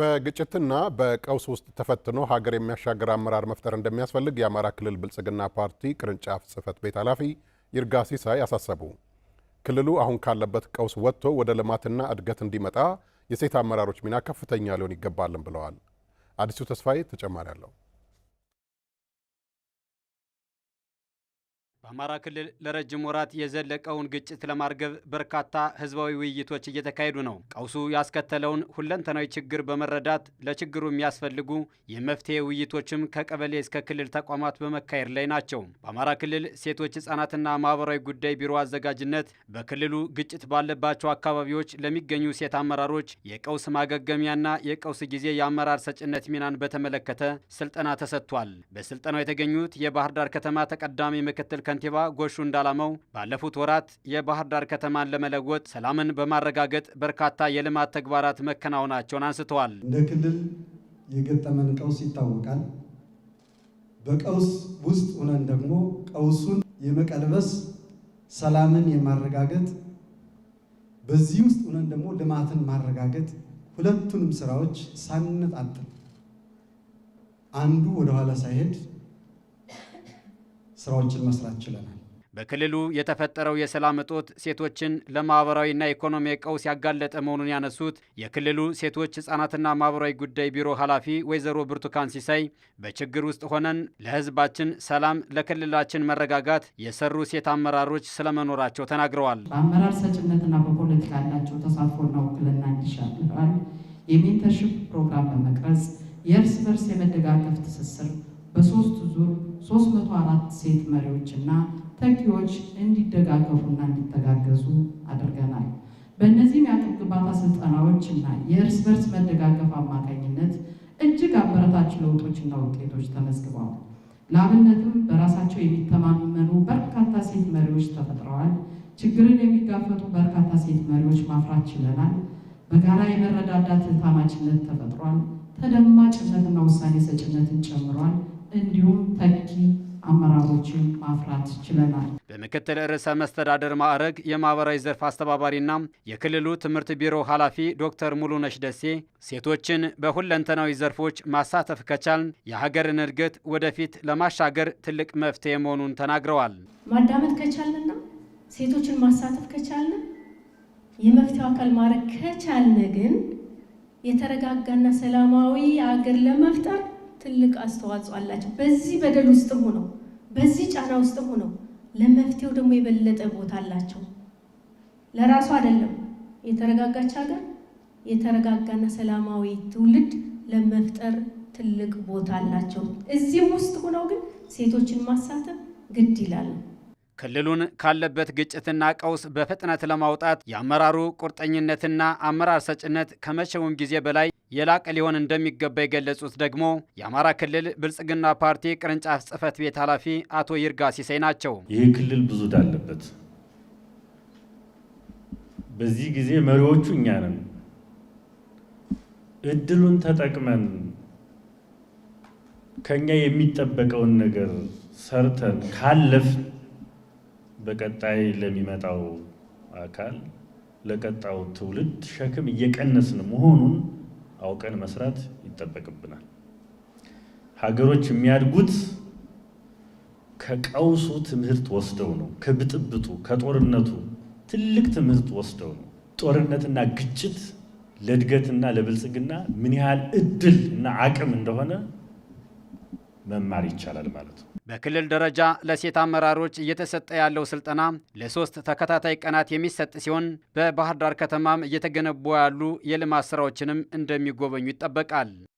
በግጭትና በቀውስ ውስጥ ተፈትኖ ሀገር የሚያሻገር አመራር መፍጠር እንደሚያስፈልግ የአማራ ክልል ብልጽግና ፓርቲ ቅርንጫፍ ጽህፈት ቤት ኃላፊ ይርጋ ሲሳይ አሳሰቡ። ክልሉ አሁን ካለበት ቀውስ ወጥቶ ወደ ልማትና እድገት እንዲመጣ የሴት አመራሮች ሚና ከፍተኛ ሊሆን ይገባልን ብለዋል። አዲሱ ተስፋዬ ተጨማሪ አለው። በአማራ ክልል ለረጅም ወራት የዘለቀውን ግጭት ለማርገብ በርካታ ህዝባዊ ውይይቶች እየተካሄዱ ነው። ቀውሱ ያስከተለውን ሁለንተናዊ ችግር በመረዳት ለችግሩ የሚያስፈልጉ የመፍትሄ ውይይቶችም ከቀበሌ እስከ ክልል ተቋማት በመካሄድ ላይ ናቸው። በአማራ ክልል ሴቶች ህጻናትና ማህበራዊ ጉዳይ ቢሮ አዘጋጅነት በክልሉ ግጭት ባለባቸው አካባቢዎች ለሚገኙ ሴት አመራሮች የቀውስ ማገገሚያና የቀውስ ጊዜ የአመራር ሰጭነት ሚናን በተመለከተ ስልጠና ተሰጥቷል። በስልጠናው የተገኙት የባህር ዳር ከተማ ተቀዳሚ ምክትል ከንቲባ ጎሹ እንዳላመው ባለፉት ወራት የባህር ዳር ከተማን ለመለወጥ ሰላምን በማረጋገጥ በርካታ የልማት ተግባራት መከናወናቸውን አንስተዋል። እንደ ክልል የገጠመን ቀውስ ይታወቃል። በቀውስ ውስጥ ሆነን ደግሞ ቀውሱን የመቀልበስ ሰላምን የማረጋገጥ በዚህ ውስጥ ሆነን ደግሞ ልማትን ማረጋገጥ ሁለቱንም ስራዎች ሳንነጣጥል አንዱ ወደኋላ ሳይሄድ ስራዎችን መስራት ችለናል። በክልሉ የተፈጠረው የሰላም እጦት ሴቶችን ለማህበራዊና ኢኮኖሚ ቀውስ ያጋለጠ መሆኑን ያነሱት የክልሉ ሴቶች ህጻናትና ማህበራዊ ጉዳይ ቢሮ ኃላፊ ወይዘሮ ብርቱካን ሲሳይ በችግር ውስጥ ሆነን ለህዝባችን ሰላም፣ ለክልላችን መረጋጋት የሰሩ ሴት አመራሮች ስለመኖራቸው ተናግረዋል። በአመራር ሰጭነትና በፖለቲካ ያላቸው ተሳትፎና ውክልና እንዲሻል የሜንተርሽፕ ፕሮግራም በመቅረጽ የእርስ በርስ የመደጋገፍ ትስስር በሶስት ዙር 304 ሴት መሪዎችና ተኪዎች እንዲደጋገፉና እንዲተጋገዙ አድርገናል። በእነዚህም የአቅም ግንባታ ስልጠናዎች እና የእርስ በርስ መደጋገፍ አማካኝነት እጅግ አበረታች ለውጦችና ውጤቶች ተመዝግበዋል። ለአብነትም በራሳቸው የሚተማመኑ በርካታ ሴት መሪዎች ተፈጥረዋል። ችግርን የሚጋፈጡ በርካታ ሴት መሪዎች ማፍራት ችለናል። በጋራ የመረዳዳት ታማችነት ተፈጥሯል። ተደማጭነትና ውሳኔ ሰጭነትን ጨምሯል። እንዲሁም ተኪ አመራሮችን ማፍራት ችለናል። በምክትል ርዕሰ መስተዳደር ማዕረግ የማህበራዊ ዘርፍ አስተባባሪና የክልሉ ትምህርት ቢሮ ኃላፊ ዶክተር ሙሉነሽ ደሴ ሴቶችን በሁለንተናዊ ዘርፎች ማሳተፍ ከቻል የሀገርን እድገት ወደፊት ለማሻገር ትልቅ መፍትሄ መሆኑን ተናግረዋል። ማዳመጥ ከቻልንና ሴቶችን ማሳተፍ ከቻልን የመፍትሄው አካል ማድረግ ከቻልን ግን የተረጋጋና ሰላማዊ አገር ለመፍጠር ትልቅ አስተዋጽኦ አላቸው። በዚህ በደል ውስጥም ሆነው በዚህ ጫና ውስጥም ሆነው ለመፍትሄው ደግሞ የበለጠ ቦታ አላቸው። ለራሱ አይደለም የተረጋጋች ሀገር የተረጋጋና ሰላማዊ ትውልድ ለመፍጠር ትልቅ ቦታ አላቸው። እዚህም ውስጥ ሆነው ግን ሴቶችን ማሳተፍ ግድ ይላል። ክልሉን ካለበት ግጭትና ቀውስ በፍጥነት ለማውጣት የአመራሩ ቁርጠኝነትና አመራር ሰጭነት ከመቼውም ጊዜ በላይ የላቀ ሊሆን እንደሚገባ የገለጹት ደግሞ የአማራ ክልል ብልጽግና ፓርቲ ቅርንጫፍ ጽህፈት ቤት ኃላፊ አቶ ይርጋ ሲሳይ ናቸው። ይህ ክልል ብዙ ዕዳ አለበት። በዚህ ጊዜ መሪዎቹ እኛ ነን። እድሉን ተጠቅመን ከኛ የሚጠበቀውን ነገር ሰርተን ካለፍን በቀጣይ ለሚመጣው አካል ለቀጣው ትውልድ ሸክም እየቀነስን መሆኑን አውቀን መስራት ይጠበቅብናል። ሀገሮች የሚያድጉት ከቀውሱ ትምህርት ወስደው ነው። ከብጥብጡ፣ ከጦርነቱ ትልቅ ትምህርት ወስደው ነው። ጦርነትና ግጭት ለእድገትና ለብልጽግና ምን ያህል እድል እና አቅም እንደሆነ መማር ይቻላል ማለት ነው። በክልል ደረጃ ለሴት አመራሮች እየተሰጠ ያለው ስልጠና ለሶስት ተከታታይ ቀናት የሚሰጥ ሲሆን በባህር ዳር ከተማም እየተገነቡ ያሉ የልማት ስራዎችንም እንደሚጎበኙ ይጠበቃል።